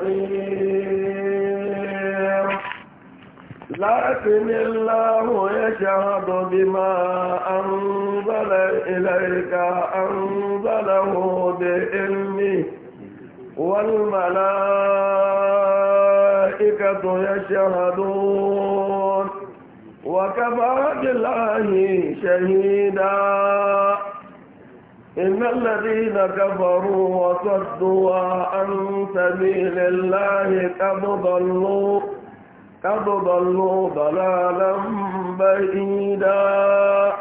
بصير لكن الله يشهد بما أنزل إليك أنزله بإلمه والملائكة يشهدون وكفى بالله شهيدا إن الذين كفروا وصدوا عن سبيل الله قد ضلوا قد ضلوا ضلالا بعيدا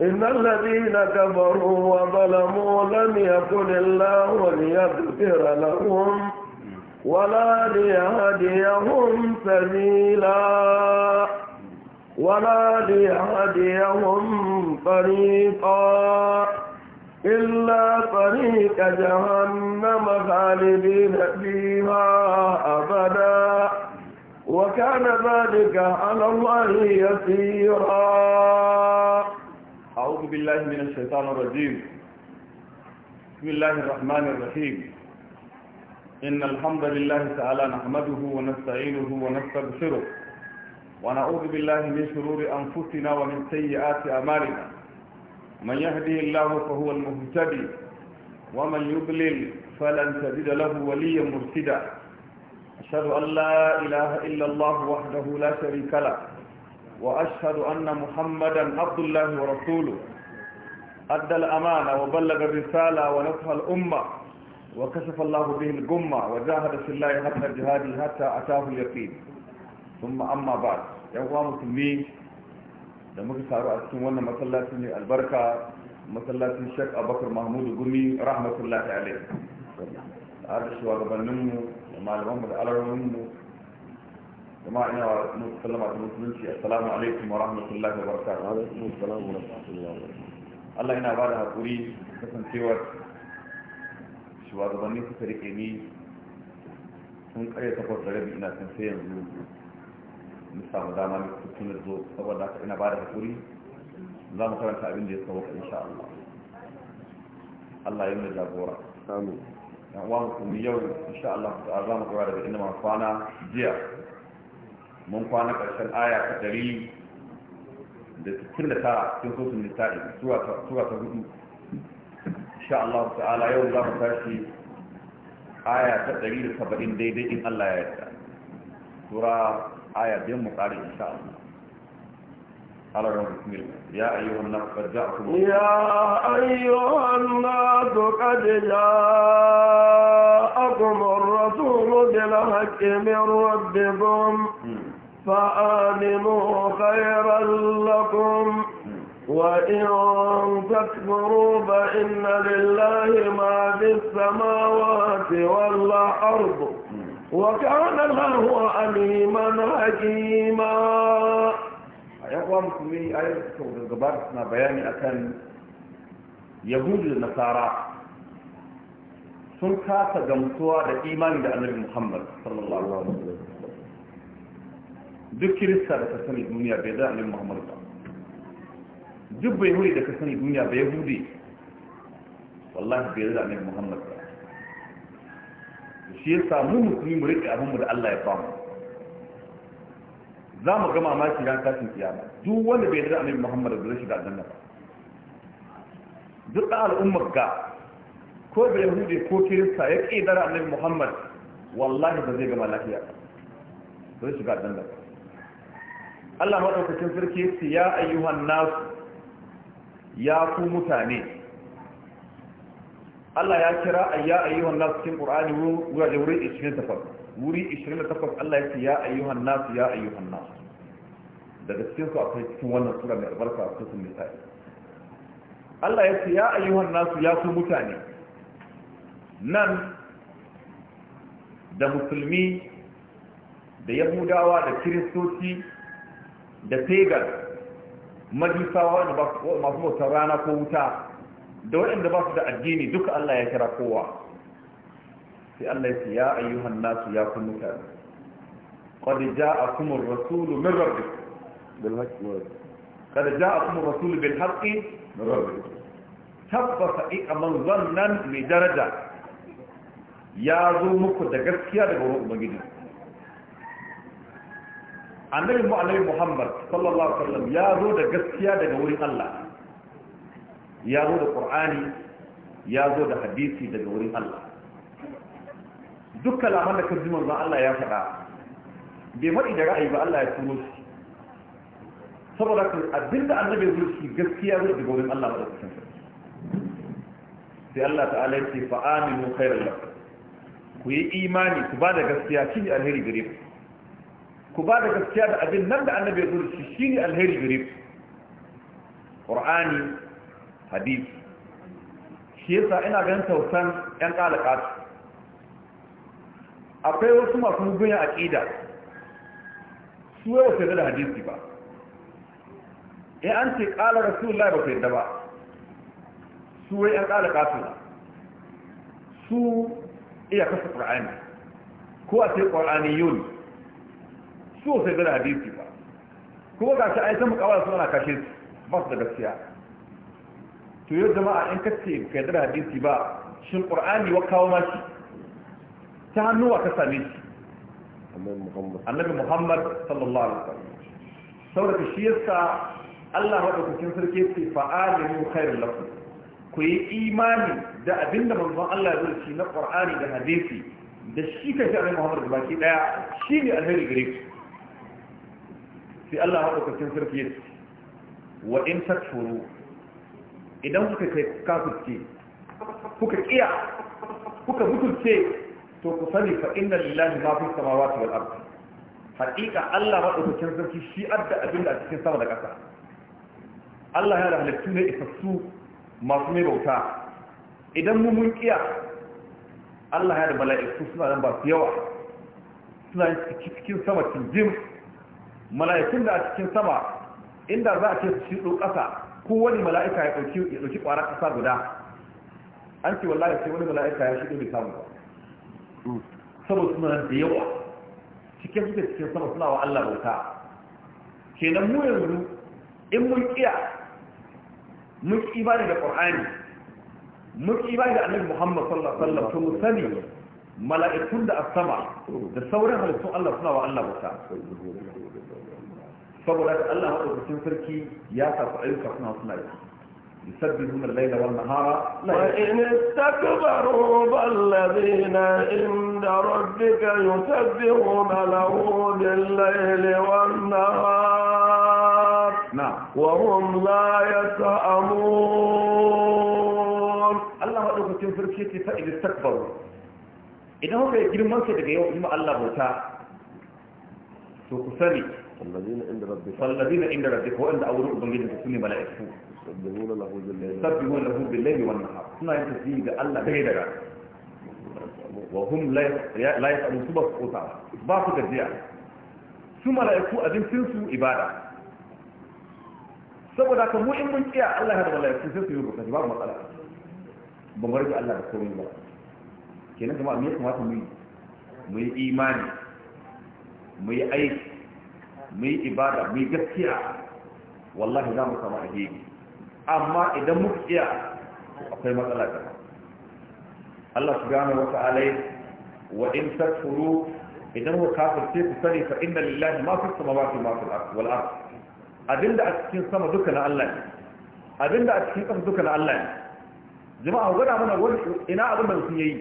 إن الذين كفروا وظلموا لم يكن الله ليغفر لهم ولا ليهديهم سبيلا ولا ليهديهم طريقا إلا طريق جهنم خالدين فيها أبدا وكان ذلك على الله يسيرا أعوذ بالله من الشيطان الرجيم بسم الله الرحمن الرحيم إن الحمد لله تعالى نحمده ونستعينه ونستغفره ونعوذ بالله من شرور أنفسنا ومن سيئات أمالنا من يهدي الله فهو المهتدي ومن يضلل فلن تجد له وليا مرشدا أشهد أن لا إله إلا الله وحده لا شريك له وأشهد أن محمدا عبد الله ورسوله أدى الأمانة وبلغ الرسالة ونصح الأمة وكشف الله به الغمة وجاهد في الله حتى جهاده حتى أتاه اليقين ثم أما بعد يا مسلمين da muka taru a cikin wannan masallaci ne albarka masallacin shek abakar mahmudu gumi rahmatullahi alaihi har da shugabanninmu da malamanmu da alarwaninmu da ma ina wa sallama ta musulunci assalamu alaikum wa rahmatullahi wa barakatuhu Allah yana ba da haƙuri kasancewar shugabanni suka rike ni sun ƙarya takwas da rabi ina sun sai yanzu mu samu dama ne tutunar zo saboda haka ina bada da hakuri za mu karanta abin da ya sauka insha Allah Allah ya mai jagora amin yan uwa musulmi yau insha Allah ta za mu kawai daga inda mun kwana jiya mun kwana karshen aya ta dari da cikin da tara cikin sosun nisa'i zuwa ta hudu insha Allah ta'ala yau za mu tashi aya ta dari da saba'in daidai in Allah ya yarda sura آية biyan mu إن شاء الله على بسم الله يا أيها الناس قد جاءكم يا أيها الناس قد جاءكم الرسول بالحق من ربكم فآمنوا خيرا لكم وإن تكفروا فإن لله ما في السماوات والأرض وكان الله عليما حكيما ayyukan musulmi ayyukan gabar suna bayani akan yahudu da nasara sun kasa gamsuwa da imani da annabi muhammad sallallahu alaihi wasallam duk kirista da ka sani duniya bai da annabi muhammad ba duk bai da ka sani duniya bai hudi wallahi bai da annabi muhammad ba shi ya samu musulmi mu rike abin da Allah ya bamu za mu ga mamaki ran kafin kiyama duk wanda bai yarda annabi Muhammad da zai shiga aljanna ba duk da al'ummar ga ko bai yahudi ko kirista ya kidara annabi Muhammad wallahi ba zai gama lafiya zai shiga aljanna ba Allah madaukakin sarki ya ayyuhan nas ya ku mutane Allah ya kira ayya ayyuhan nas cikin Qur'ani wuri 28 wuri 28 Allah ya ce ya ayyuhan nas ya ayyuhan nas daga cikin su akwai cikin wannan sura mai albarka a cikin nisa'i Allah ya ce ya ayyuhan nas ya ku mutane nan da musulmi da yahudawa da kiristoci da pagan majusawa da masu bautar rana ko wuta da waɗanda ba su da addini duka Allah ya kira kowa sai Allah ya ce ya ayyuhan nasu ya kun mutane qad ja'akum ar-rasulu min rabbikum bil haqqi wa qad ja'akum ar-rasulu bil haqqi min rabbikum tabbata in manzon nan mai daraja ya zo muku da gaskiya daga wurin ubangiji annabi mu annabi muhammad sallallahu alaihi wasallam ya zo da gaskiya daga wurin Allah ya zo da ƙur'ani ya zo da hadisi daga wurin Allah duk kalaman da kan jiman Allah ya faɗa bai faɗi da ra'ayi ba Allah ya turo shi saboda kan abinda annabi ya shi gaskiya zai daga wurin Allah ba da kusan sai Allah ta'ala ya ce fa'aminu khairal lakum ku yi imani ku ba da gaskiya shi ne alheri gare ku ku ba da gaskiya da abin nan da annabi ya shi shi ne alheri gare ku qur'ani hadisi shi yasa ina ganin tausan yan ɗalaka akwai wasu masu mugun aƙida su yawa sai da hadisi ba in an ce ƙala rasulullah ba su yadda ba su wai yan ɗalaka su su iya kasa ƙur'ani ko a sai ƙur'ani yun su sai da hadisi ba kuma ga shi ai mukawar suna kashe su ba su da gaskiya to yau jama'a in ka ce ka yadda hadisi ba shin qur'ani wa kawo ma shi ta hannuwa ka same shi annabi muhammad sallallahu alaihi wasallam saboda shi yasa Allah madaukakin sarki ce fa'alimu khairul lakum ku yi imani da abinda manzon Allah ya zurci na qur'ani da hadisi da shi ka shi muhammad da baki daya shine alheri gare ku sai Allah madaukakin sarki ya ce wa in takfuru idan kuka kai kafirce kuka kiya kuka mutunce to ku sani fa inna lillahi ma fi samawati wal ardi haqiqa Allah madaukakin sarki shi adda abin da a cikin sama da ƙasa Allah ya da halittu ne isassu masu mai bauta idan mu mun kiya Allah ya da mala'iku suna nan ba su yawa suna cikin sama cikin malaikun da a cikin sama inda za a ce su shiɗo ƙasa kowane mala'ika ya ɗauki ƙwarar ƙasa guda an ce wallahi sai wani mala'ika ya shiga bai samu mm. saboda suna da yawa cikin suke cikin sama suna wa Allah bauta kenan mu yanzu in mun kiya mun ki ibada da Qur'ani mun ki ibada da Annabi Muhammad sallallahu alaihi wasallam mu sani mala'ikun da as-sama da sauran halittun Allah suna wa Allah bauta saboda da Allah madaukakin sarki ya sa ayyuka suna suna yi يسبحون الليل والنهار لا وإن استكبروا فالذين عند ربك يسبحون له بالليل والنهار نعم وهم لا يسأمون الله أدوك تنفر كيتي فإن استكبروا إذا هم يجرمون كده يوم الله بوتا سوكساني الذين عند ربك فالذين عند ربك هو عند أولو البنجين تسمى ملائك فوق سبهون له بالليل سبهون له بالليل والنهار هنا يتسيج الله بهي دقاء وهم لا يسألون سبا سبوتا باقو تجيع سو ملائكو أدين سنسو إبادة سبا داك مهم من كيا الله هذا ملائك سنسو يربو سنسو يربو مطالع بمرجو الله بسوين الله كينا جماعة مئة مواتو مي مي إيماني مي أيك mu ibada mu gaskiya wallahi za mu samu alheri amma idan muka iya akwai matsala da Allah subhanahu wa alai wa in takfuru idan ku kafirce ku sani fa inna lillahi ma fi samawati ma fil ardi wal ardi abinda a cikin sama duka na Allah ne abinda a cikin ƙasa duka na Allah ne jama'a ku gada mana wani ina abin da sun yi?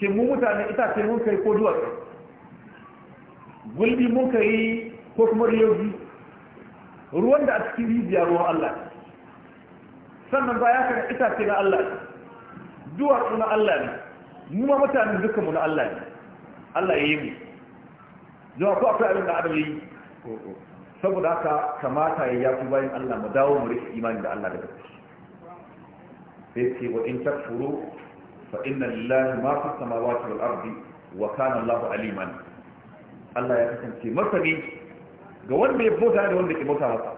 shin mu mutane itace mun kai ko duwatsu gulbi munkari ko kuma riyoji ruwan da a cikin rijiya ruwan Allah sannan ba ya kan itace na Allah duwatsu na Allah ne mu ma mutane duka mu na Allah ne Allah ya yi mu zuwa ko akwai abin da adam yi saboda haka kamata ya yafi bayan Allah mu dawo mu rike imani da Allah da gaske sai ce wa in takfuru fa inna lillahi ma fi samawati wal ardi wa kana Allahu aliman Allah ya kasance masani ga wanda ya bota da wanda ke bota masa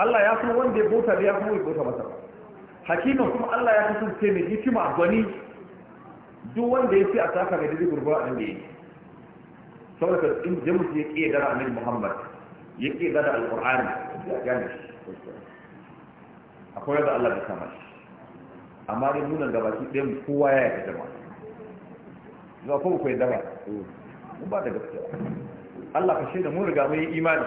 Allah ya san wanda ya bota da ya kuma bota masa hakimin kuma Allah ya kasance mai hikima gwani duk wanda ya fi a saka mai daidai gurbar an da yake saboda in jamus ya ke dara annabi Muhammad ya ke dara alqur'ani ya gane shi akwai da Allah da kama shi amma dai nunan gabaki ɗayan kowa ya yi jama'a zuwa kuma kai dara mu ba da gaske Allah ka shaida mun riga mun yi imani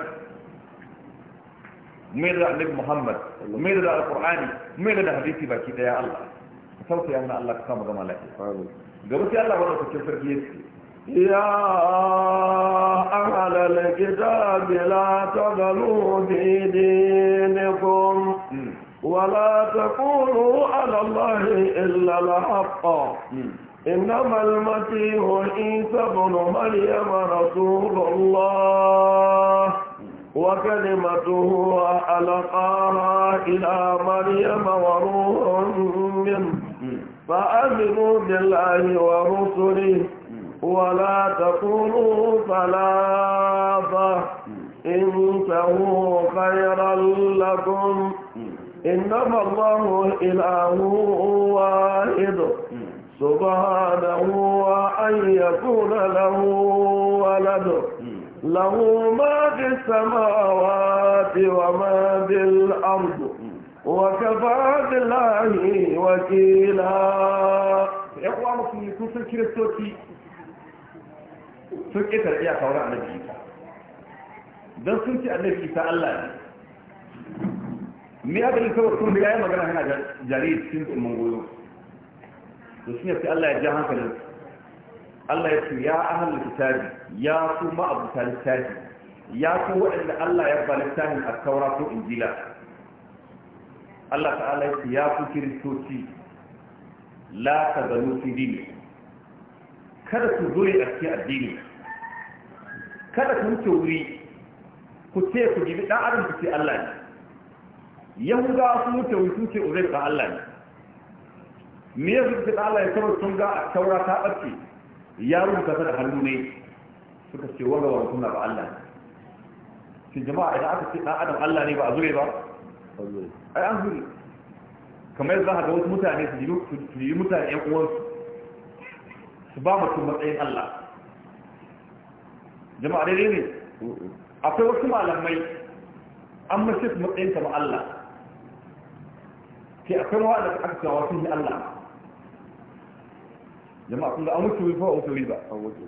mai da annabi Muhammad mai da alqur'ani mai da hadisi baki daya Allah sauke yana Allah ka samu ga malaki gaba sai Allah wannan kake sarki yake يا أهل الكتاب لا تغلوا في dinikum ولا تقولوا على الله إلا الحق إنما المسيح عيسى بن مريم رسول الله وكلمته ألقاها إلى مريم وروح منه فأمنوا بالله ورسله ولا تكونوا ثلاثة انتهوا خيرا لكم إنما الله إله واحد سبحانه وأن يكون له ولد له ما في السماوات وما في الأرض وكفى بالله وكيلا إخوة مسلمين كسر كريستوتي sun ƙetar iya kawar annabi isa don sun ce annabi isa allah ne me aka yi saboda sun ya magana hana jariri cikin goyo to shi ne sai Allah ya ja hankalin Allah ya ce ya ahlul kitabi ya ku ma abuta littafi ya ku waɗanda Allah ya ba littafin a taura ko injila Allah ta'ala ya ce ya ku kiristoci la tazalu fi dini kada su zo a cikin addini kada su wuce wuri ku ce ku gibi dan adam ku ce Allah ne yahudawa sun wuce wuri sun ce uzair ba Allah ne me ya suka da Allah ya saboda sun ga a taura ta ɓarke ya rubuta ta da hannu ne suka ce wanga wa suna ba Allah ne. shi jama'a idan aka ce ɗan adam Allah ne ba a zure ba ai an zure kamar za a ga wasu mutane su yi mutane ƴan uwansu su ba mutum matsayin Allah jama'a daidai ne akwai wasu malamai an mashi matsayin ta ba Allah sai akwai wa'anda aka cewa sun yi Allah jama'a kun ga an wuce an wuce riba an wuce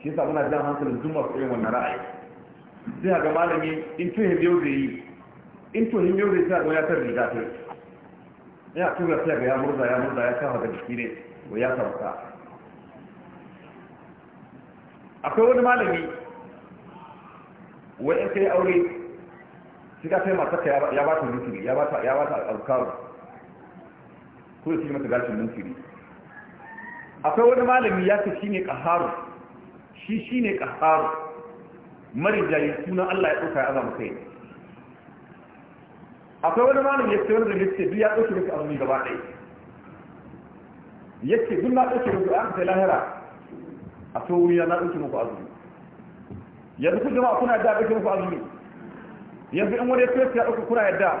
shi yasa muna jan hankalin duk masu irin wannan ra'ayi sai ga malami in tuhin yau da yi in tuhin yau da yi sai ga ya tar riga ta ya tura sai ga ya murza ya murza ya kafa ga jiki ne ya sauka akwai wani malami wai in kai aure shi ka sai matarka ya ba ta mutiri ya ba ta alkaru ko ya ce mata gashin mutiri akwai wani malami ya ce shine qaharu shi shine qaharu marijayi sunan Allah ya dauka ya azama kai akwai wani malami ya ce wani da ce duk ya dauke miki azumi gaba ɗaya ce duk na dauke da an ta lahira a to wuri na dauke muku azumi yanzu ku jama'a kuna da dauke muku azumi yanzu in wani ya ce ya dauke kuna yadda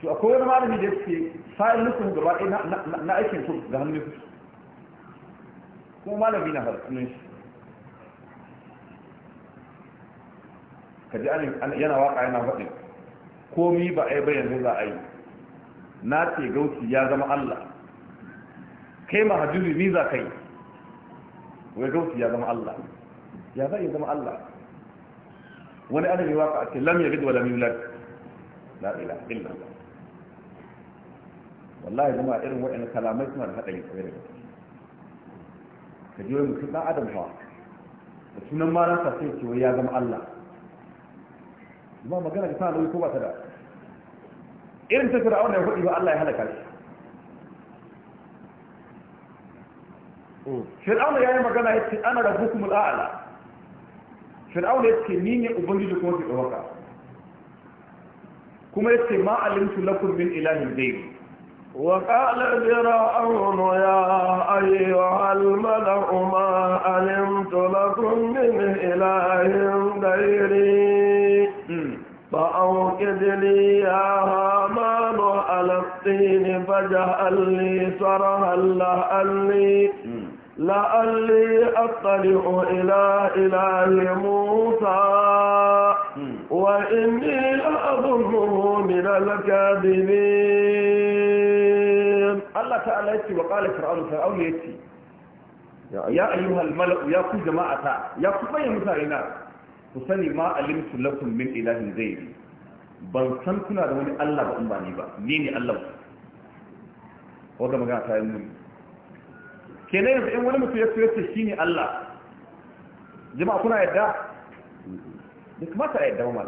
to akwai wani malami da yake fa'in nufin gaba ɗaya na aikin su ga hannun su kuma malami na harsunan shi ka ji yana waka yana faɗi komi ba a yi bayan za a yi na ce gauci ya zama allah kai ma hajjuri ni za yi wai gauci ya zama allah ya zai zama allah wani ana yi waka a ce lam ya gidi wa lam yulad la ilaha illallah wallahi zama irin wa'in kalamai suna da haɗari kwaye da gaske ka ji wani mutum ɗan adam ba da sunan ma nasa sai ce ya zama allah zama magana ka tana nauyi ko ba ta da irin ta fir'auna ya faɗi ba allah ya halaka shi hmm. fir'auna ya yi magana ya ce ana rabbukum al'ala fir'auna ya ce ni ne ubangiji kuma fi ɗaukaka kuma ya ce ma alimtu lakum min ilahin ghayri وقال فرعون يا أيها الملأ ما علمت لكم من إله غيري فأوقد لي يا هامان على الطين فاجعل لي صرها لعلي لعلي أطلع إلى إله موسى وإني لأظنه من الكاذبين Allah ta'ala yace wa qala fir'aun fir'aun yace ya ayyuhal mala'u ya ku jama'ata ya ku bayyana mutane na ku sani ma alimtu lakum min ilahin ghairi ban san kuna da wani Allah ba umbani ba ni ba ni ne Allah ga magana ta yi mun kenan yanzu in wani mutum ya so yace shine Allah jama'a kuna yadda da kamata a yadda ma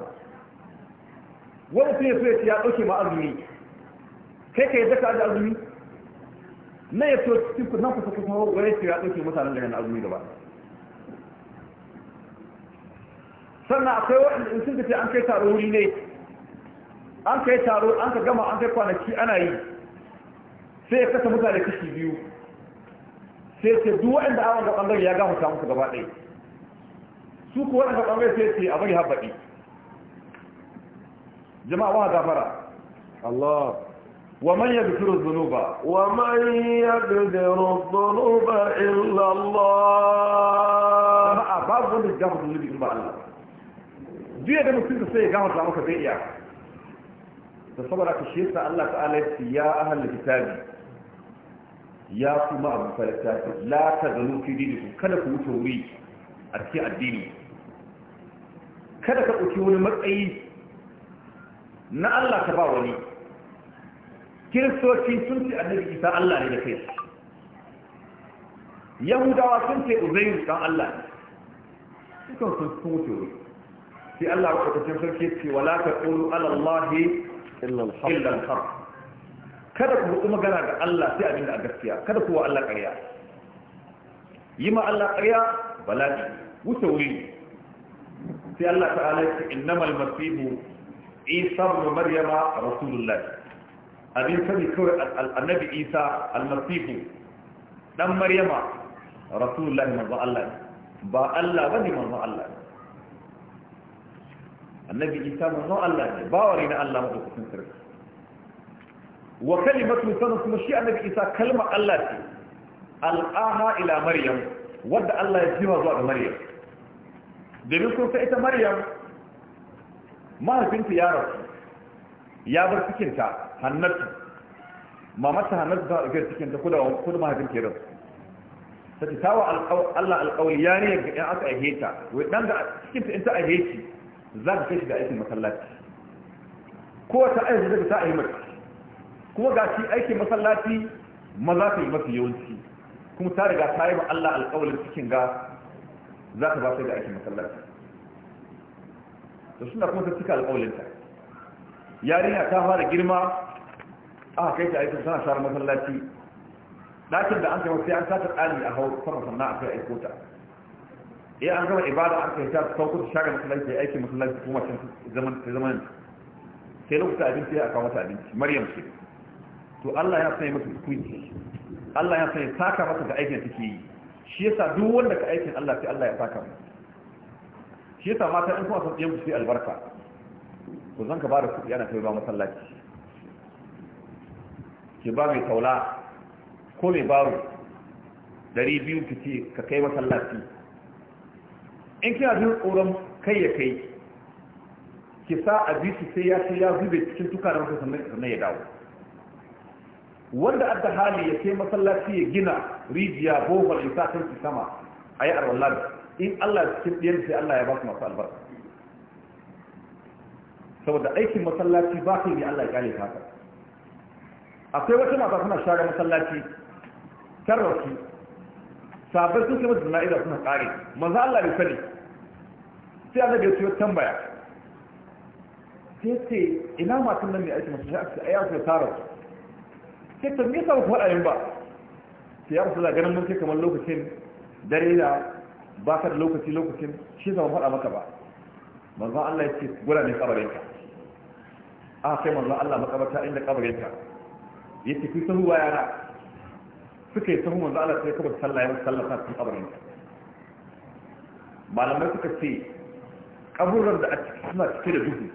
wani mutum ya so yace ya dauke ma azumi kai ka zaka da azumi na ya to cikin nan kusa kusa wani ce ya ɗauke mutanen garin azumi gaba sannan akwai waɗanda in sun tafi an kai taro wuri ne an kai taro an ka gama an kai kwanaki ana yi sai ya kasa mutane kashi biyu sai ce duk waɗanda awon ga ɓangare ya samun su gaba ɗaya su ku waɗanda ɓangare sai ce a bari haɓaɗi jama'a wa gafara Allah ومن يغفر الذنوب ومن يغفر الذنوب إلا الله ما أباب وند يغفر الذنوب إلا الله دي ده مسلم سي يغفر ذنوبك بي إياك تصبر كشيء الله تعالى يا أهل الكتاب يا كما أبو فلسات لا تغلوا في دينكم كذا كوتوري أتي الدين كذا كوتوري مرأي na Allah ta ba wani kiristoci sun ce annabi isa Allah ne da kai yahudawa sun ce uzairu dan Allah ne sukan sun sun wuce wuri sai Allah ya kwatantar sarki ce wala ta qulu ala Allah illa al-haq kada ku hudu magana ga Allah sai abin da a gaskiya kada ku wa Allah ƙarya yi ma Allah ƙarya bala'i wuce wuri sai Allah ta'ala ya ce innamal masihu isa ibn maryama rasulullahi abin sani kawai annabi isa almasihu dan maryama rasulullahi manzo Allah ba Allah ba ne manzo Allah annabi isa manzo Allah ne bawari na Allah madaukakin sarki wa kalimatu sana kuma shi annabi isa kalmar Allah ce al'aha ila maryam wadda Allah ya jima zuwa ga maryam domin kun sai ita maryam mahaifinta ya rasu ya bar cikinta hannatu mamata hannatu ta ɗauke cikin ta kudawa kudu mahaifin ke rasu ta ce tawa Allah alƙawli ya ne ga ɗan aka ahe ta wai ɗan da cikin ta in ta ahe ki za ka kai shi ga aikin masallaci ko ta aiki zai ta ahe mata kuma ga shi aikin masallaci maza ka yi mafi yawanci kuma ta riga ta yi ma Allah alƙawlin cikin ga za ka ba shi da aikin masallaci to suna kuma ta cika alƙawlinta yarinya ta fara girma aka kai ta aiki sana share masallaci ɗakin da an kai sai an sata tsari a hau sama sannan a kai aiko ta iya eh, an gama ibada an kai ta sauko ta shagar masallaci aiki masallaci kuma can zaman zaman sai lokuta abinci ya kawo mata abinci maryam ce to Allah ya sanya mata kuɗi Allah ya sanya saka mata ga aikin da take yi shi yasa duk wanda ka aikin Allah sai Allah ya saka mata shi yasa mata in kuma san ɗiyan ku sai albarka to zan ka ba da kuɗi ana kai ba masallaci ki ba mai taula ko mai baro dari biyu ki ce ka kai masallaci in kina jin tsoron kai ya kai ki sa a bi sai ya ce ya zube cikin tuka da masa sannan ya dawo wanda adda hali ya kai masallaci ya gina rijiya bohol ya sa kanki sama a yi arwallar in Allah cikin ɗiyar sai Allah ya ba su masu albarka saboda aikin masallaci ba kai ne Allah ya ta haka. akwai wata mata suna share masallaci tarrafi sabbin sun kai mata jana'iza suna kare maza Allah bai sani sai annabi ya ciyo tambaya sai ce ina matan nan mai aiki masu sha'a ai ya ce tarrafi sai ta nisa ba faɗa ba sai ya rasu ganin mun sai kamar lokacin dare da ba ka da lokaci lokacin shi zama faɗa maka ba maza Allah ya ce gura ne kabarinka a kai maza Allah makabarta inda kabarinka ya tafi sahu ba yara suka yi sahu manzo Allah sai kabar sallah ya sallah ta cikin kabarin malamai suka ce kaburar da a ciki suna cike da duhu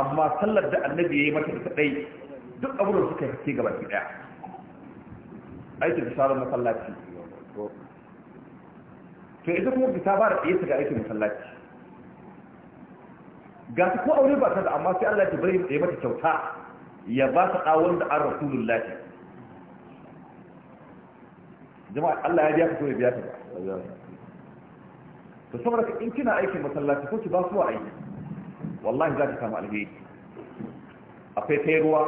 amma sallar da annabi ya yi mata ita ɗai duk kaburar suka yi haske gaba ki ɗaya aikin bisharar masallaci to ita kuma fita ba da ɗaya ga aikin masallaci ga su ko aure ba ta da amma sai Allah ya bari ya mata kyauta ya ba su awon da an rasulun ce jama'a Allah ya biya ka so ya biya ka ba Ka saboda in kina aikin masallaci ko ki ba su wa aiki wallahi za ki samu alheri akwai kai ruwa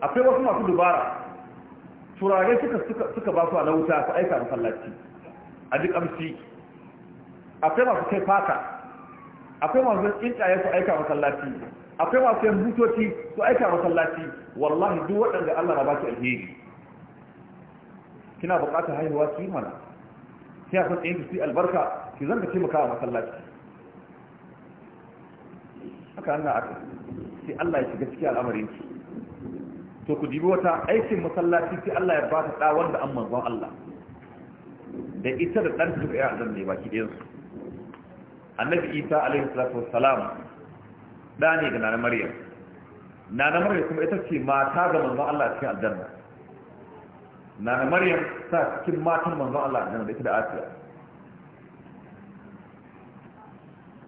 akwai wasu masu dubara turare suka suka ba su a na wuta su aika masallaci a duk amshi akwai masu kai fata akwai masu tsinkaye su aika masallaci akwai masu yan butoci su aika masallaci wallahi duk waɗanda Allah na baki alheri kina buƙatar haihuwa su yi mana sai a san ɗayan su albarka ki zanga taimaka a masallaci haka Allah aka sai Allah ya shiga ciki al'amarin ki to ku dibi wata aikin masallaci sai Allah ya ba ta ɗa wanda an manzon Allah da ita da ɗan su ya zan ne baki ɗayan su annabi Isa alaihi salatu wassalam da ne ga nana maryam nana maryam kuma ita ce mata ga manzon Allah cikin aljanna nana maryam ta cikin matan manzon Allah aljanna da ita da asiya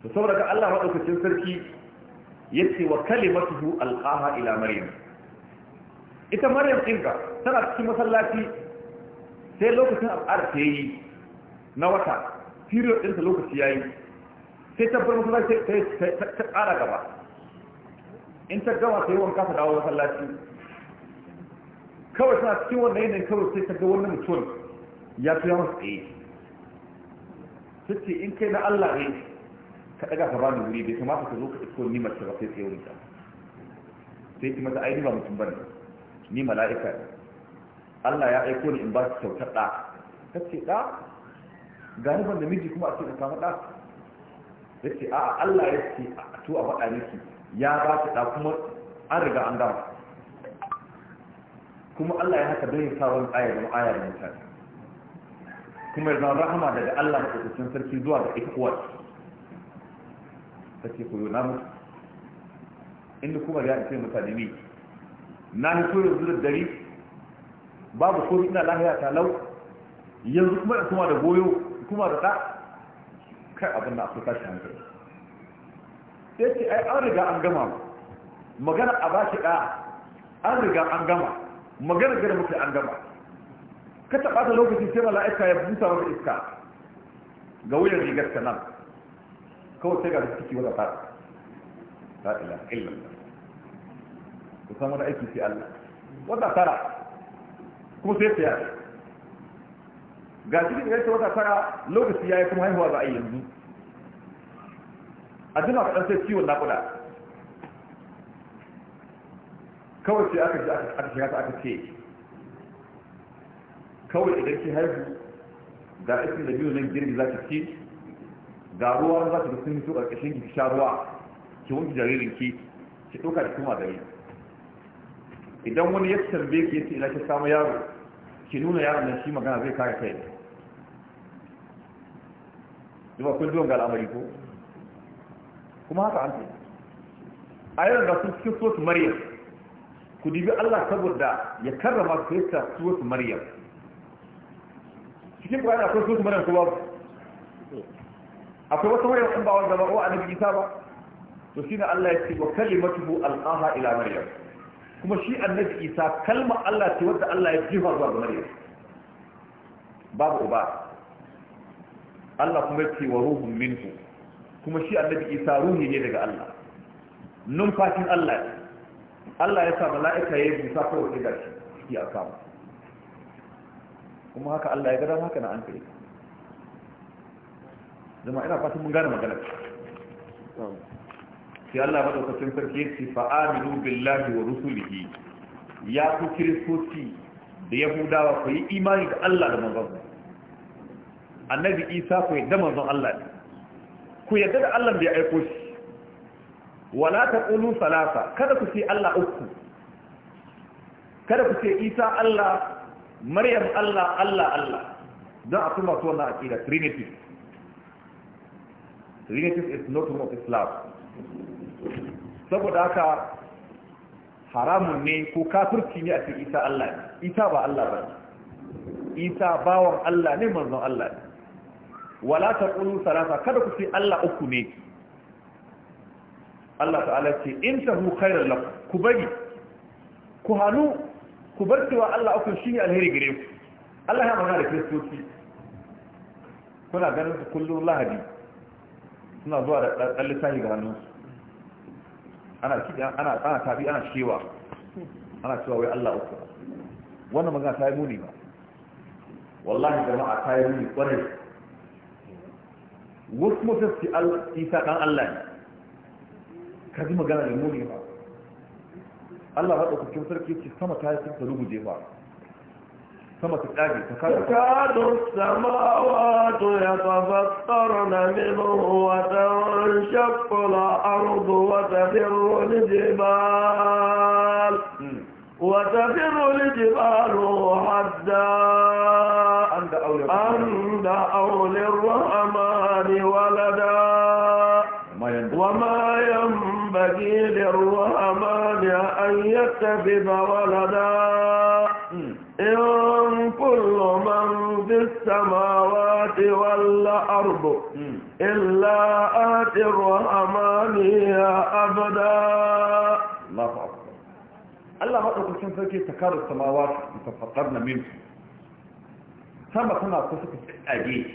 to saboda ka Allah madaukakin sarki yace wa kalimatuhu alqaha ila maryam ita maryam ɗinka tana cikin masallaci sai lokacin al'ar ta yi na wata period ɗinta lokaci ya yi sai tabbar sai ta tsara gaba in ta gama sai wanka ta dawo masallaci kawai suna cikin wannan yanayin kawai sai ta ga wani mutum ya fi yawon tsaye ta ce in kai na allah ne ka ɗaga ka bani wuri bai kamata ka zo ka isko ni mace ba sai tsaye wuri sai ki mata aini ba mutum bane ni mala'ika allah ya aiko ni in ba su kyautar ɗa ta ce ɗa ga ban da miji kuma a ce ka kama ɗa ya ce a Allah ya ce a to a faɗa miki ya ba ki da kuma an riga an gama kuma Allah ya haka don yin sabon ayar da ayar da mutane kuma ya zama rahama daga Allah na ɗaukacin sarki zuwa ga ikuwar ta ce koyo na mutu inda kuma ya ce mutane ne na hito yanzu da dare babu kori ina lahiya talau yanzu kuma da kuma da goyo kuma da ɗa kan abin da aka tashi hankali sai ce ai an riga an gama magana a ba shi ɗaya an riga an gama magana gada muke an gama ka taɓa ta lokacin sai mala'ika ya busa maka iska ga wuyan rigar ka nan kawai sai ga su ciki wata fara ta ila illan ku san wani aiki sai Allah wata tara kuma sai ta ga cikin gaisa wata tara lokaci ya yi kuma haihuwa za a yi yanzu a jima kaɗan sai ciwon naƙuda kawai sai aka ji aka shiga ta aka ce kawai idan ki haihu ga ikin da biyu nan girgi za ki ci ga ruwa za ki ga sun hito ƙarƙashin ki sha ruwa ki wanke jaririn ki ki ɗauka da kuma gari idan wani ya tambaye ki yace ina ki samu yaro ki nuna yaron nan shi magana zai kare kai ne. Duba kun duwan ga al'amari ko? kuma haka an ce a yau da sun cikin sosu maryam ku dibi Allah saboda ya karrama su yasta sosu maryam cikin kwaya kuwa akwai sosu maryam kuma akwai wata maryam in ba wanda ba wa annabi isa ba to shi shine Allah ya ce wa kalimatuhu al'aha ila maryam kuma shi annabi isa kalma Allah ce wadda Allah ya jifa zuwa ga maryam babu uba Allah kuma ya ce wa ruhun minhu kuma shi annabi isa ruhi ne daga Allah numfashin Allah ne Allah ya sa mala'ika ya busa kawai sai gashi ciki a samu kuma haka Allah ya gada haka na an kai zama ina fatan mun gane magana sai Allah madaukakin sarki ya ce fa'aminu billahi wa rusulihi ya ku kiristoci da yahudawa ku yi imani da Allah da manzon annabi isa ku yi da manzon Allah ne ku yadda da Allah da ya aiko shi wala taqulu salasa kada ku ce Allah uku kada ku ce Isa Allah Maryam Allah Allah Allah don a kuma so na aqida trinity trinity is not one of Islam saboda haka haramun ne ko kafirci ne a ce Isa Allah ne Isa ba Allah ba Isa bawan Allah ne manzon Allah ne wala taqulu salasa kada ku ce Allah uku ne Allah ta'ala ce in tahu khairan lakum ku bari ku hannu, ku bar cewa Allah uku shi ne alheri gare ku Allah ya magana da kristoci kuna ganin su kullum lahadi suna zuwa da ɗan lissafi ga hannun ana ana ana tabi ana cewa ana cewa wai Allah uku wannan magana ta yi muni ba wallahi jama'a ta yi muni kwarai wasu kuma su isa kan Allah ne ka ji magana da muni ba Allah ba ɗaukakin sarki ce sama ta yi ta ruguje ba sama ta ƙage ta kada kadar samawa to ya tafattar na minu wata shakula arzu wata firro ni jibal wata firro ni jibal hadda عند أولي الرحمن ولدا وما ينبغي للرحمن أن يتخذ ولدا إن كل من في السماوات والأرض إلا آتي الرحمن أبدا الله أكبر الله أكبر كيف تكار السماوات تفقدنا منه sama suna kusa ta tsage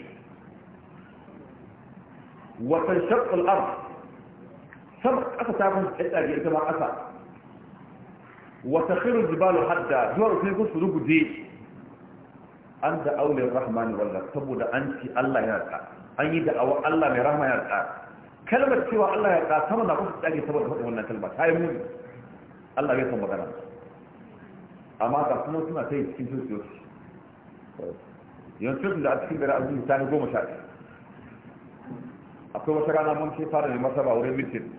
watan shaqqal 'ar, sama ƙasa ta kun tsage ita ma ƙasa. wata khiru jibalu hadda duwar sai ku suruguje an da aulin rahmani wallah saboda an ci Allah ya rika an yi da'awa Allah mai rahma ya rika kalmar cewa Allah ya rika sama na kusa tsage saboda faɗin wannan kalma ta yi muni Allah ya san magana amma ga kuma suna ta yi cikin zuciyarsu yanzu da a cikin dare abin ta goma sha ɗaya akwai wata rana mun ce fara masa ba wurin mitin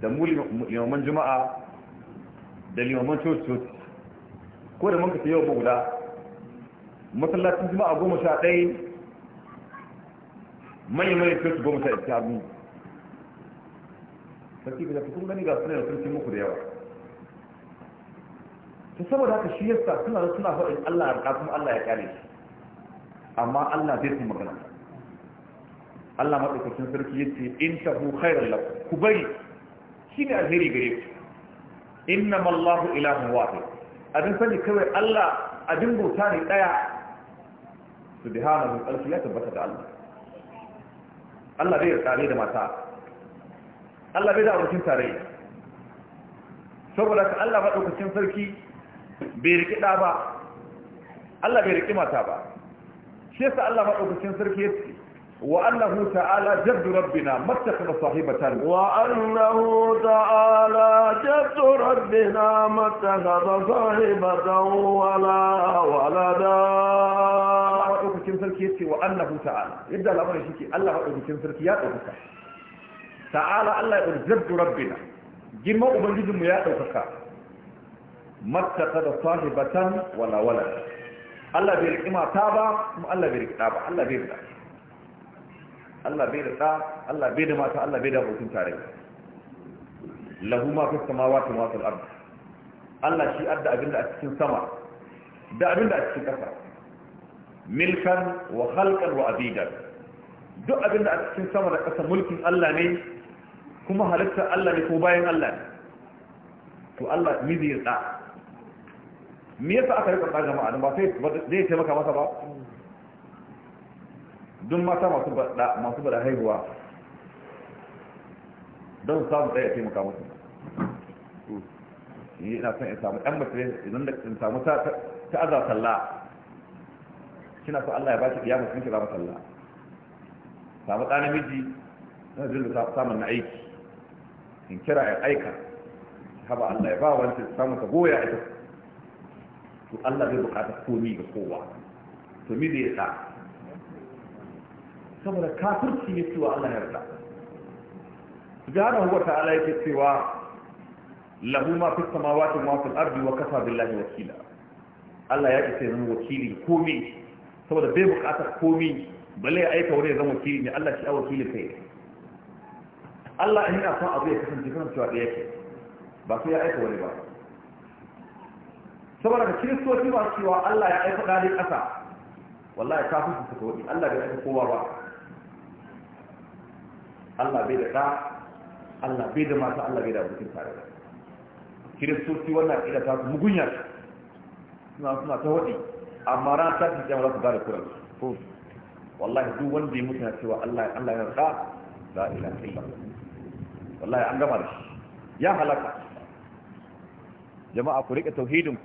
da mu limaman juma'a da limaman coci-coci ko da mun ka yau guda masallacin juma'a goma sha ɗaya manya-manya coci goma sha ɗaya ta abin sarki da kuma gani ga suna yau cin muku da yawa ta saboda haka shi yasa suna da suna faɗin Allah ya kuma Allah ya kare shi amma Allah zai kuma magana Allah madaukakin sarki yace in tahu khairan lakum ku bari shine alheri gare ku innama Allahu ilahun wahid abin sani kawai Allah abin bauta ne daya subhanahu alki ya tabbata da Allah Allah bai tsare da mata Allah bai da abokin tarayya saboda ka Allah madaukakin sarki bai rikida ba Allah bai rikima ta ba shi sa Allah maɗaukacin sarki ya ce wa annahu ta'ala jaddu rabbina mattakhadha sahibatan wa annahu ta'ala jaddu rabbina mattakhadha sahibatan wala walada maɗaukacin sarki ya ce wa annahu ta'ala yadda labarin shi ke Allah maɗaukacin sarki ya ɗaukaka ta'ala Allah ya ɗaukaka jaddu rabbina girman ubangijinmu ya ɗaukaka mattaka da sahibatan wala wala Allah bai riƙi ta ba kuma Allah bai riƙi ba Allah bai riƙa Allah bai da ɗa Allah bai da mata Allah bai da abokin tare lahu ma fi samawati wa fil ard Allah shi adda abinda a cikin sama da abinda a cikin kasa. milkan wa khalqan wa abidan duk abinda a cikin sama da kasa mulkin Allah ne kuma halitta Allah ne ko bayan Allah ne to Allah mizir da me yasa aka yi ɗan jama'a nan ba sai zai taimaka masa ba duk mata masu bada masu bada haihuwa don samu ɗaya taimaka musu yi ina son in samu ɗan mace idan da in samu ta azar sallah kina so Allah ya baki kiyama kin kira talla. samu ɗan namiji na da samun na aiki in kira ya aika haba Allah ya ba wani samun ta goya ita to Allah zai bukata komi ga kowa to me da yasa saboda kafirci ne cewa Allah ya yarda subhanahu wa ta'ala yake cewa lahu ma fi samawati ma fil ardi wa kafa billahi wakila Allah ya kace zama wakili komi saboda bai bukatar komi balle ya aika wani ya zama wakili ne Allah shi a wakili kai Allah ina yana son abu ya kasance kan cewa da yake ba sai ya aika wani ba saboda ka kiristoci ba cewa Allah ya aika dalil ƙasa wallahi kafin su suka wani Allah bai aika kowa ba Allah bai da ɗa Allah bai da mata Allah bai da abokin tare da kiristoci wannan ƙila ta su mugunya suna suna ta waɗi amma ran ta fi jama'a su ba da kuransu wallahi duk wanda ya mutu na cewa Allah Allah ya rada la ilaha illallah wallahi an gama da shi ya halaka jama'a ku rike tauhidin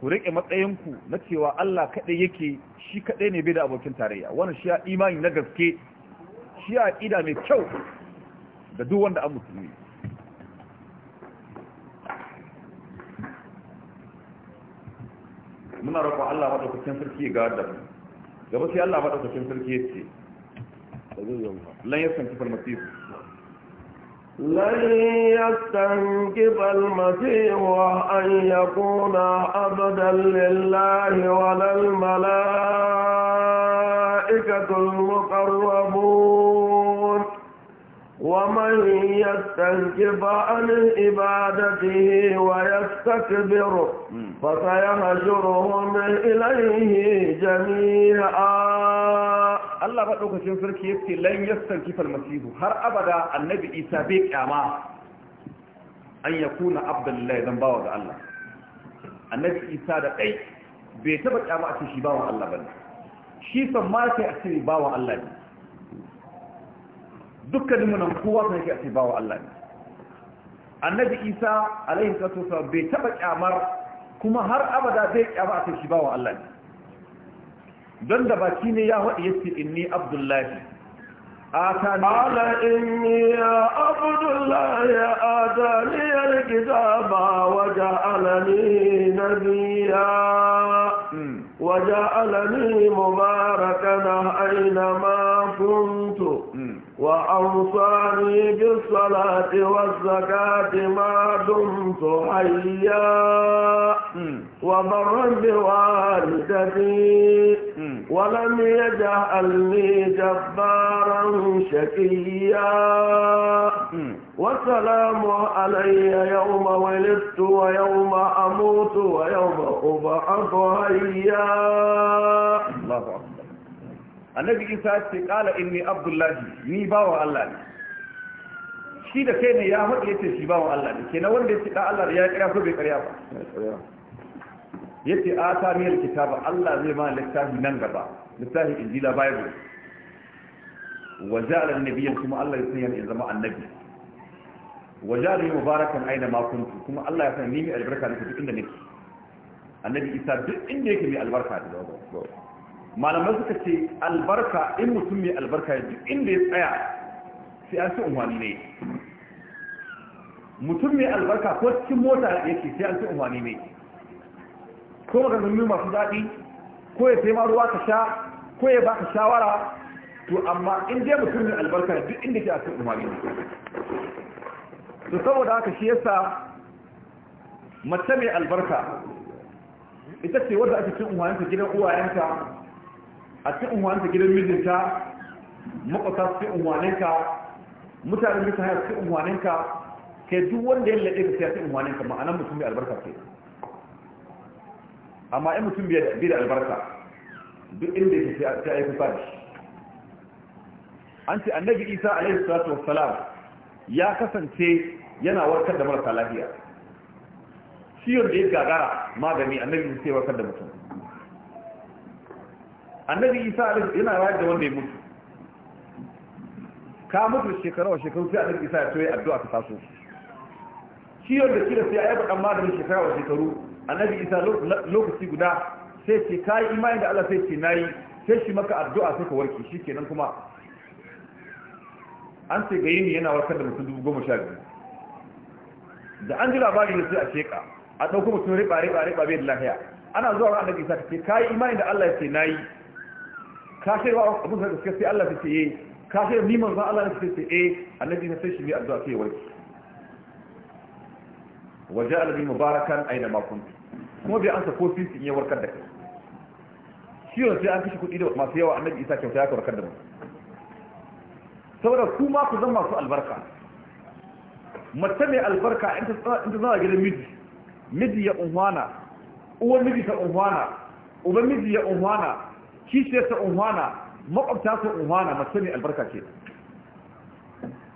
ku rike matsayinku na cewa Allah kaɗai yake shi kaɗai ne bai da abokin tarayya wannan shi ya imani na gaske shi ya ƙida mai kyau da duk wanda an musulmi muna roƙo Allah madaukakin sarki ga da gaba sai Allah madaukakin sarki yace lan yasan kifal masifu لن يستنكف المسيح أن يكون عبدا لله ولا الملائكة المقربون ومن يستنكف عن عبادته ويستكبر فسيهجرهم إليه جميعا Allah maɗaukacin sarki ya ce lan yastar kifar masihu har abada annabi isa bai kyama an ya kuna abdullahi zan bawa ga Allah annabi isa da ɗai bai taɓa kyama a ce shi bawa Allah ba shi san ma sai a ce bawa Allah ne dukkanin mu nan kowa kan yake a ce bawa Allah ne annabi isa alaihi salatu wasallam bai taɓa kyamar kuma har abada bai kyama a ce shi bawa Allah ne don da baki ne ya haɗe yace inni abdullahi ala inni ya abdullahi adaniyar kitaba waje alani nabiya hmm. waje mubaraka na aina ma kuntu وأوصاني بالصلاة والزكاة ما دمت حيا وبرا بوالدتي ولم يجعلني جبارا شكيا والسلام علي يوم ولدت ويوم أموت ويوم أبعث حيا الله أكبر annabi isa ce kala inni abdullahi ni bawa Allah ne shi da kai ne ya haɗu ya ce shi bawa Allah ne kenan wanda ya ce da Allah ya kira ko bai kariya ba Ya ce a ta miyar kitaba Allah zai ma littafi nan gaba littafi injila bible wa ja'ala annabiyyan kuma Allah ya sanya in zama annabi wa ja'ala mubarakan aina ma kuntu kuma Allah ya sanya ni mai albarka ne duk inda nake annabi isa duk inda yake mai albarka da malamai suka ce albarka in mutum mai albarka ya duk inda ya tsaya sai an ce unwani ne mutum mai albarka ko cikin mota yake sai an ce umarni ne ko maganganu masu daɗi ko ya sai ruwa ka sha ko ya baka shawara to amma in dai mutum mai albarka duk inda ke a cikin unwani ne to saboda haka shi yasa mace mai albarka ita ce wadda ake cin unwani ta gidan uwayenta a ci unwanta gidan mijinta makwata su ci unwanenka mutanen bisa haya su ci unwanenka ke duk wanda ya laɗe ka sai ci unwanenka ma'ana mutum bai albarka ce amma in mutum bai da albarka duk inda yake sai a yi da shi an ce annabi isa alaihi salatu wassalam ya kasance yana warkar da marasa lafiya ciwon da ya gagara magani annabi sai warkar da mutum annabi isa yana rayar da wanda ya mutu ka mutu shekaru wa shekaru sai annabi isa ya toye addu'a ta taso shi da kira sai ayyuka dan maganin shekaru wa shekaru annabi isa lokaci guda sai ce yi imani da Allah sai ce nayi sai shi maka addu'a sai ka warke Shi kenan kuma an ce ga yini yana warkar da mutum dubu goma sha biyu da an ji labari ne sai a sheka a ɗauko mutum riba riba riba bai da lahiya ana zuwa ran annabi isa ta ce yi imani da Allah ya ce nayi ka wa abun da gaske sai Allah ce eh ka sai ni manzo Allah ne ce eh annabi ne sai shi bi addu'a sai wai waje alabi mubarakan aina ma kunti kuma bai ansa ko in ya warkar da kai ciwon sai an kashe kuɗi da masu yawa annabi isa kyauta ya warkar da mu saboda ku ma ku zama masu albarka mace mai albarka in ta zama gidan miji miji ya unhwana uwan miji ta unhwana uban miji ya unhwana kishiyarsa unwana makwabta su unwana mace ne albarka ce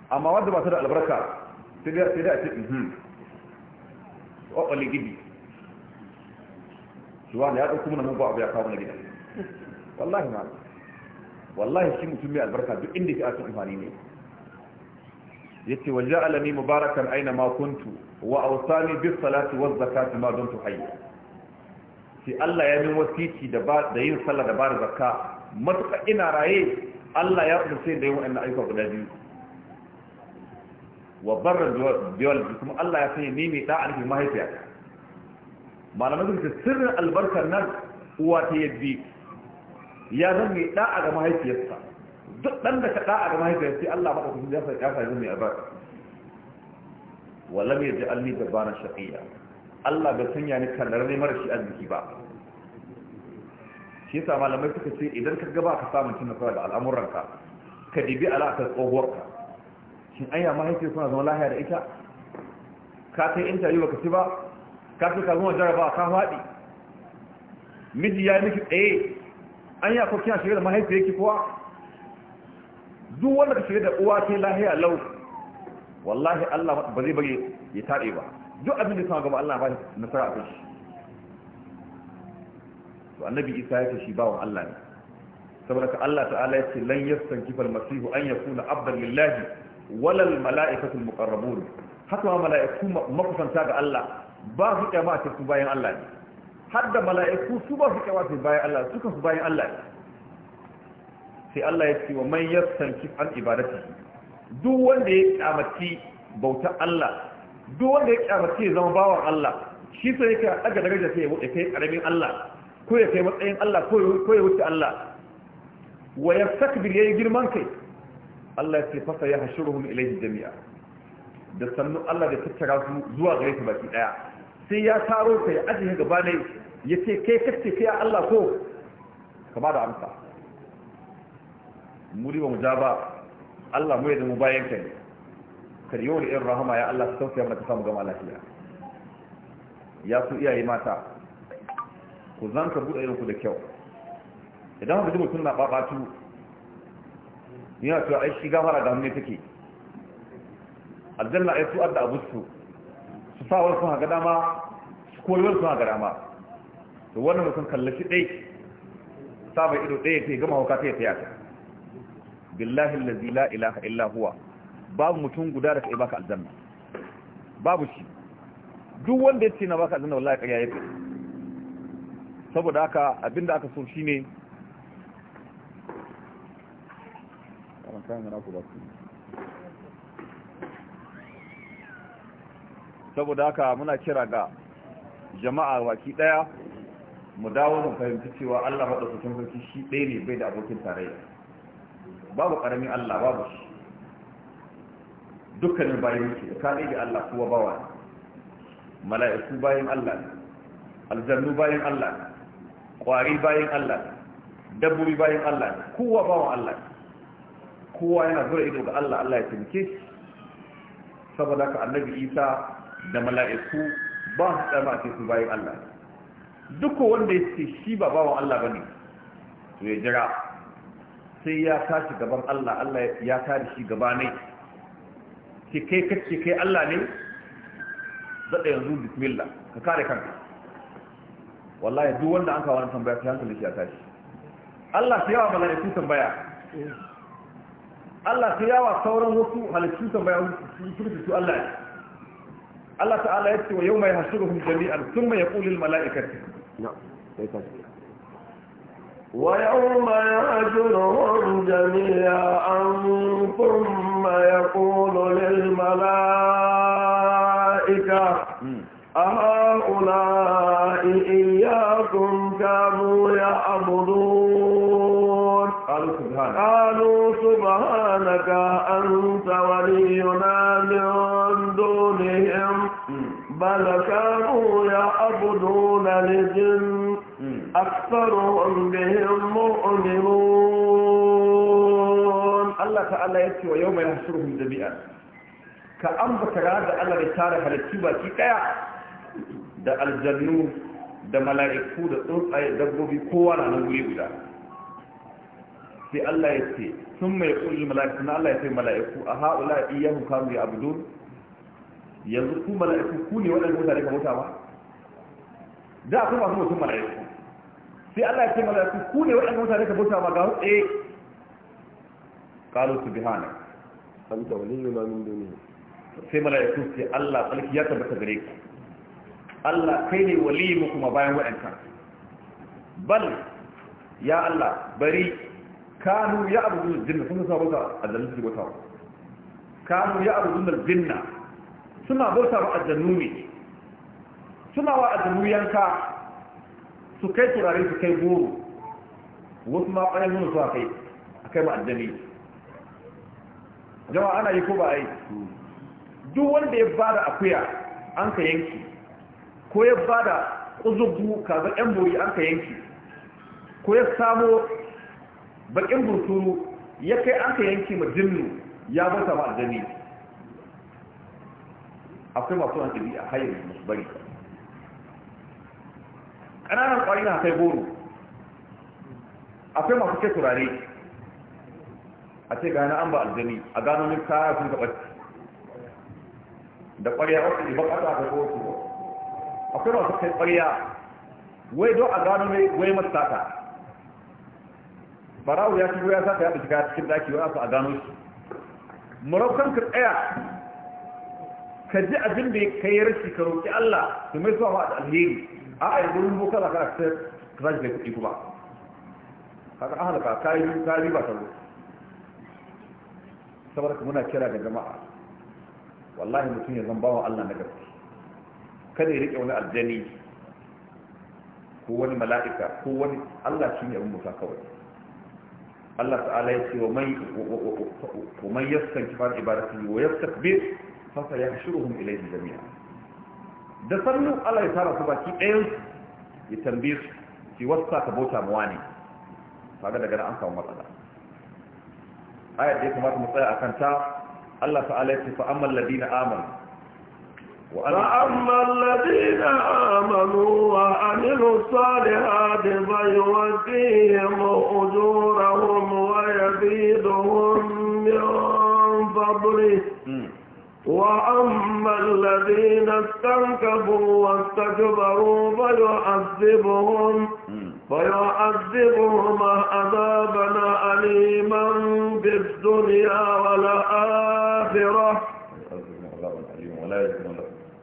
amma wanda ba su da albarka sai da a ce mhm kwakwale gibi shiwa da ya ɗauki mana mun ba abu ya kawo na gida wallahi ma wallahi shi mutum mai albarka duk inda ke asin amfani ne ya ce wajen alami mubarakan aina ma kuntu wa ausani bis salati wa zakati ma don tuhayya sai Allah ya min wasiki da yin sallah da bada zakka matuƙa ina raye Allah ya sai da yin wa'annan ayyuka guda biyu wa barra biyal kuma Allah ya sanya ni mai da'a nake mahaifiya malamai sun ce sirrin albarkar nan uwa ta yabbi ya zan mai da'a ga mahaifiyarsa duk dan da ka da'a ga mahaifiyarsa sai Allah maka kuma ya sa ya sa mai albarka wa lam yaj'alni babana shaqiya Allah bai sanya ni kanar ne mara shi arziki ba shi sa malamai suka ce idan ka gaba ka samun cin nasara da al'amuranka ka dibi alaƙar tsohuwarka shin anya mahaifiyar suna zama lahiya da ita ka kai intabi baka ci ba ka fi ka zama jaraba ka faɗi miji ya miki tsaye an ya kina shirya da mahaifiyar ki kuwa duk wanda ka shirya da uwa ce lahiya lau wallahi Allah ba zai bari ya taɗe ba duk abin da suna gaba Allah ba nasara a shi. to annabi isa ya ce shi bawan Allah ne saboda ka Allah ta'ala ya ce lan yastanki fal masihu an yakuna abdan lillahi walal mala'ikatu muqarrabun haka ma mala'iku makusanta ga Allah ba su kyama ta su bayan Allah ne har da mala'iku su ba su kyama ta bayan Allah su kan su bayan Allah ne sai Allah ya ce wa man yastanki an ibadati duk wanda ya kyamaci bautar Allah duk wanda ya kyamace ya zama bawan Allah shi sai yake daga daraja sai ya kai karamin Allah ko ya kai matsayin Allah ko ya wuce Allah wa yastakbir yayi girman kai Allah ya ce fasa ya hashuruhum ilayhi jami'a da sannu Allah da tattara su zuwa gare su baki daya sai ya taro ya ajiye gaba ne yace kai kace kai Allah ko ka ba da amsa mu ba mu ja ba Allah mu yadda mu bayan kai karyowar irin rahama ya Allah su tausaya mata samu gama lafiya ya su iyaye mata ku zanka ka buɗe irin da kyau idan haka jimur suna ɓaɓatu yana cewa ai shi gafara da hannu take aljanna ai su adda abusu su sa wani sun haga dama su koyi wani sun haga dama to wannan mutum kallashi ɗai sa bai ido ɗaya ta yi gama hauka ta ya ta yata billahi lazi la ilaha illa huwa babu mutum guda da kai baka aljanna babu shi duk wanda ya ce na baka aljanna wallahi kariya yake saboda haka abinda aka so shine saboda haka muna kira ga jama'a baki daya mu dawo mu fahimci cewa Allah madaukakin sarki shi ɗaya ne bai da abokin tarayya babu ƙaramin Allah babu shi dukkanin bayan yake ka ɗaya Allah kuwa bawa mala'iku bayan Allah aljannu bayan Allah ƙwari bayan Allah dabbobi bayan Allah kowa bawan Allah kowa yana zura ido ga Allah Allah ya taimake shi saboda ka annabi Isa da mala'iku ba su tsama ce su bayan Allah duka wanda ya ce shi ba bawan Allah bane to ya jira sai ya tashi gaban Allah Allah ya tare shi ne. ce kai kacce kai Allah ne zaɗa yanzu bismillah ka kare kanka wallahi duk wanda an kawo wani tambaya ta hankali shi ya tashi Allah sai yawa mala'iku tambaya Allah sai yawa sauran wasu halittu tambaya su su Allah ne Allah ta'ala ya ce wa yau mai hashiruhum jami'an sun mai ya ƙulil mala'ikati ويوم يهجرهم جميعا ثم يقول للملائكة أهؤلاء إياكم كانوا يعبدون قالوا سبحانك أنت ولينا من دونهم بل كانوا يعبدون الجن أكثرهم بهم مؤمنون الله تعالى يأتي ويوم يحشرهم جميعا كأم هذا الله بتارة هلتشبه كيكايا دا الجنو دا ملائكو ده تنطعي دا بوبي كوانا نولي بدا في الله يأتي ثم يقول الملائكة الله يأتي ملائكو أهؤلاء إياهم كانوا يعبدون يزقوا ملائكو كوني ولا الموتى لك موتى ما ده أقول ما هو ثم ملائكو sai Allah ya ce mala'iku ku ne waɗannan mutane ka bauta ma ga hu eh qalu subhana anta waliyuna min duni sai mala'iku ce Allah tsarki ya tabbata gare ku Allah kai ne wali waliyu kuma bayan waɗanka. bal ya Allah bari kanu ya abudu jinna sun sa bauta azalin su bauta kanu ya abudu jinna suna bauta ba ajannu ne suna wa ajannu yanka su kai turare su kai goro wasu ma ƙwarar nuna su a kai a kai ma addini jama'a ana yi ko ba a yi duk wanda ya ba da akuya an ka yanki ko ya ba da ƙuzubu kaza yan bori an ka yanki ko ya samo baƙin burturu ya kai an ka yanki ma jinnu ya bata ma addini akwai masu hankali a hayar musu bari ƙananan ƙwari na kai goro akwai masu ke turare a ce gani an ba aljami a gano min kaya sun taɓa da ƙwarya wasu ibar ƙasa a kai goro akwai masu kai ƙwarya wai don a gano mai wai masata barawo ya shigo ya sata ya shiga cikin daki wani a gano shi maraukan ka tsaya ka ji abin da ya yi rashi ka roƙi Allah su mai suwa da alheri a a gurin boka za ka accept ka zaji kai kuɗi kuma kaga an halaka ka yi ka riba ta zo saboda ka muna kira ga jama'a wallahi mutum ya zan bawa Allah na gaske kada ya riƙe wani aljani ko wani mala'ika ko wani Allah shi ne abin musa kawai Allah ta'ala ya ce wa man yaskan kifar ibadatu wa yastakbir fa sayahshuruhum ilayhi jami'a da sannu Allah ya tara su baki ɗayan ya tambaye su ki wasu ka bauta mawa ne kaga daga nan an samu matsala ayat da ya kamata mu tsaya akan ta Allah ta'ala ya ce fa amman ladina amanu وأما الذين آمنوا وعملوا الصالحات فيوفيهم أجورهم ويزيدهم من فضله وأما الذين استنكبوا واستكبروا فيعذبهم فيعذبهم عذابنا أليما بالدنيا والآخرة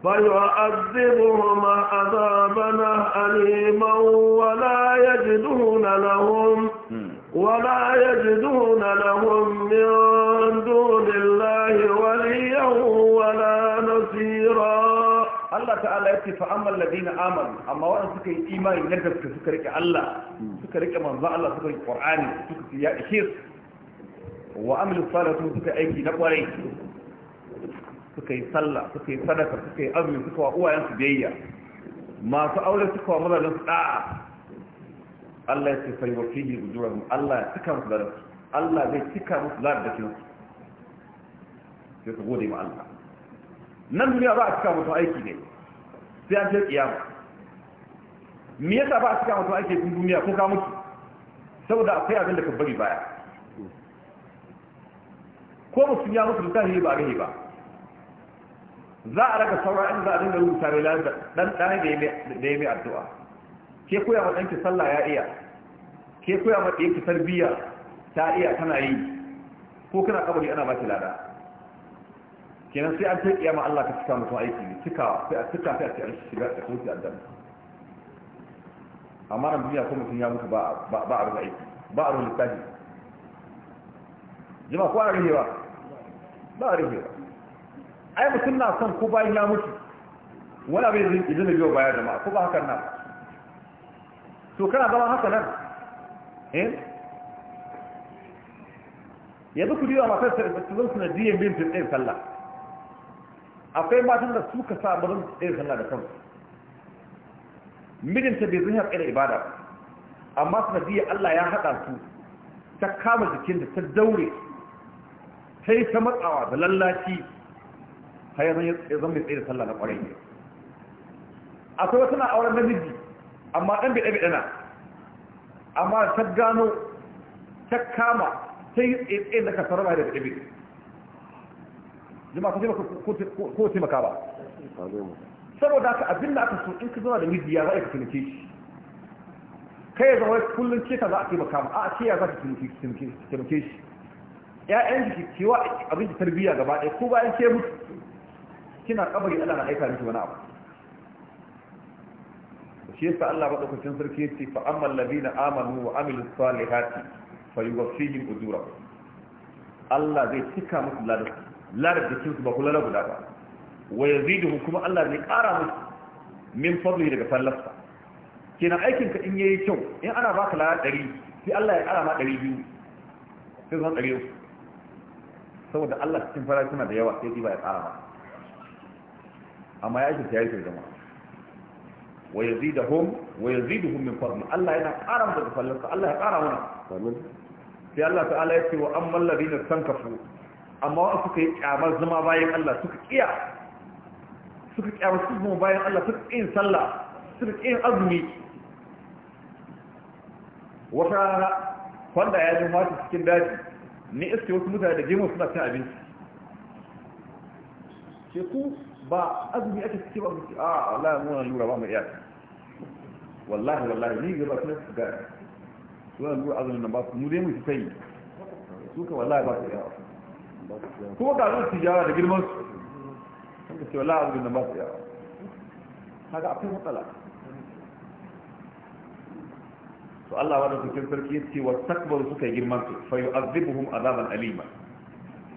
فيعذبهم عذابنا أليما ولا يجدون لهم ولا يجدون لهم من دون الله وليا ولا نصيرا الله تعالى يكفي فأما الذين آمنوا أما وأن سكي إيمان نجد سكرك الله سكرك من ذا الله سكرك قرآن سكرك يا إشير وأمل الصالة سكرك أيكي نقوري سكي صلى سكي صدقة سكي أمن سكوا أوى أنس بيئة ما سأولى سكوا مدى نسكا Allah ya ce fa yufihi mu. Allah ya cika musu ladan Allah zai cika musu ladan sai su gode ma Allah nan duniya ba a cika musu aiki ne sai an ce kiyama me yasa ba a cika musu aiki cikin duniya ko ka mutu saboda akwai abin da ka bari baya ko mutum ya mutu littafi ba ga ba za a raka sauran inda za a dinga rubuta mai ladan dan da ya mai addu'a ke koya ma ɗanki sallah ya iya ke koya ma ɗanki tarbiyya ta iya tana yi ko kana kabari ana baki lada kenan sai an taƙiya ma Allah ka cika mutum aiki ne cika sai a cika sai a ce an shiga a kusa aljanna amma nan duniya ko mutum ya mutu ba ba a rufe aiki ba a rufe lissafi jima ko a rufe ba ba a rufe ba ai mutum na son ko bayan ya mutu wani abin izini biyo baya jama'a ko ba hakan na to kana zama haka nan eh yanzu ku biyo a su sarfafin suna diyan bin tsayin sallah akwai matan da suka sa barin tsayin sallah da kansu mijinta bai zuwa tsaye da ibada amma suna biya allah ya haɗa su ta kama jikin da ta daure ta yi ta matsawa da lallaci har ya zama mai tsaye da sallah na ƙwarai akwai wata na auren namiji amma ɗan biɗe biɗe na amma ta gano ta kama ta yi tsaye na kasar ba da biɗe biɗe jima ko taimaka ba saboda haka abin da aka so in ka zama da mijiya za a yi ka taimake shi kai zama wai kullum ce ka za a taimaka ma a ce ya za ka taimake shi ƴaƴan jiki cewa abin da tarbiyya gaba ɗaya ko bayan ke mutu kina kabari Allah na aika miki wani abu shi yasa Allah madaukakin sarki yace fa ammal ladina amanu wa amilus salihati fayuwaffihim ujurahum Allah zai cika musu ladar ladar jikin su ba kula da guda ba wa yaziduhum kuma Allah zai ƙara musu min fadlihi daga fallasa kenan aikin ka in yayi kyau in ana baka lada 100 sai Allah ya ƙara ma biyu sai zan 300 saboda Allah cikin fara suna da yawa sai ba ya ƙara ma amma ya aiki ya yi jama'a wa yazidahum wa yaziduhum min fadli Allah yana ƙara mu daga fallansa Allah ya ƙara mana amin sai Allah ta'ala ya ce wa amman ladina tankafu amma wa suka yi kyamar zama bayan Allah suka kiya suka ƙyamar su zama bayan Allah suka yin sallah suka yin azumi wata rana kwanda ya ji mata cikin daji ne iske wasu mutane da gemu suna cin abinci ce ku ba azumi ake ciki ba mutu a wallahi muna lura ba mu iya wallahi wallahi ni gaba kuma su ga suna lura azumin nan ba su mu dai mu sai su ka wallahi ba su iya kuma ga zuwa tijara da girman su sun ka ce wallahi azumin nan ba su iya kaga akwai matsala to Allah wadda cikin sarki ya ce wa takbaru suka yi girman su fa yu'azzibuhum azaban alima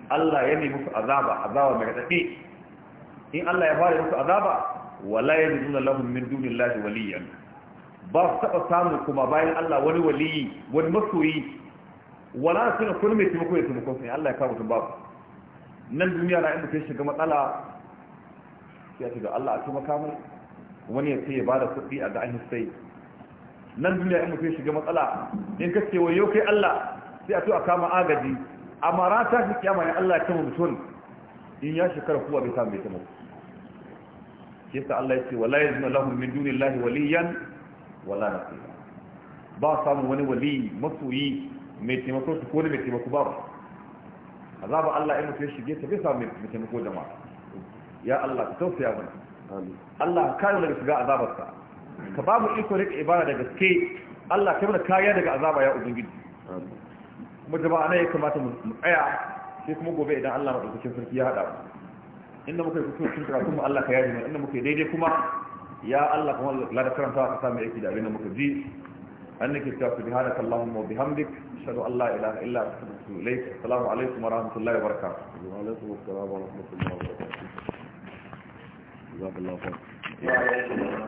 Allah ya nemi musu azaba azaba mai radadi in Allah ya fara musu azaba wala yajiduna lahum min dunillahi waliyan ba su taɓa samu kuma bayan Allah wani waliyi wani masoyi wala suna kun mai taimako ya taimakon sai Allah ya kawo mutum babu nan duniya na inda kai shiga matsala sai ce da Allah a taimaka mai wani ya ce ya bada kuɗi a ga an sai nan duniya in kai shiga matsala in ka ce wayo kai Allah sai a to a kama agaji amma ta shi kiyama ne Allah ya kama mutum in ya shekara kuwa bai samu bai taimako yasa Allah ya ce wala yazna lahum min dunillahi waliyan wala nasira ba samu wani wali masoyi mai taimako su ko ne mai taimako ba ba azaba Allah ya mutu ya shige ta bai samu mai taimako jama'a ya Allah ka tausaya mana Allah ka kare daga shiga azabarsa ka ba mu iko rike ibada da gaske Allah ka mana kariya daga azaba ya ubangiji Kuma jama'a ne ya kamata mu tsaya sai kuma gobe idan Allah madaukakin sarki ya hada mu inda muka yi kusur cin karatun mu Allah ka yaji mana inda daidai kuma ya Allah kuma lada karanta ka samu aiki da abin da muka ji annaka ta subhanaka allahumma wa bihamdik ashhadu ilaha illa anta assalamu alaikum wa rahmatullahi wa barakatuh wa alaikum assalam wa rahmatullahi wa barakatuh jazakallahu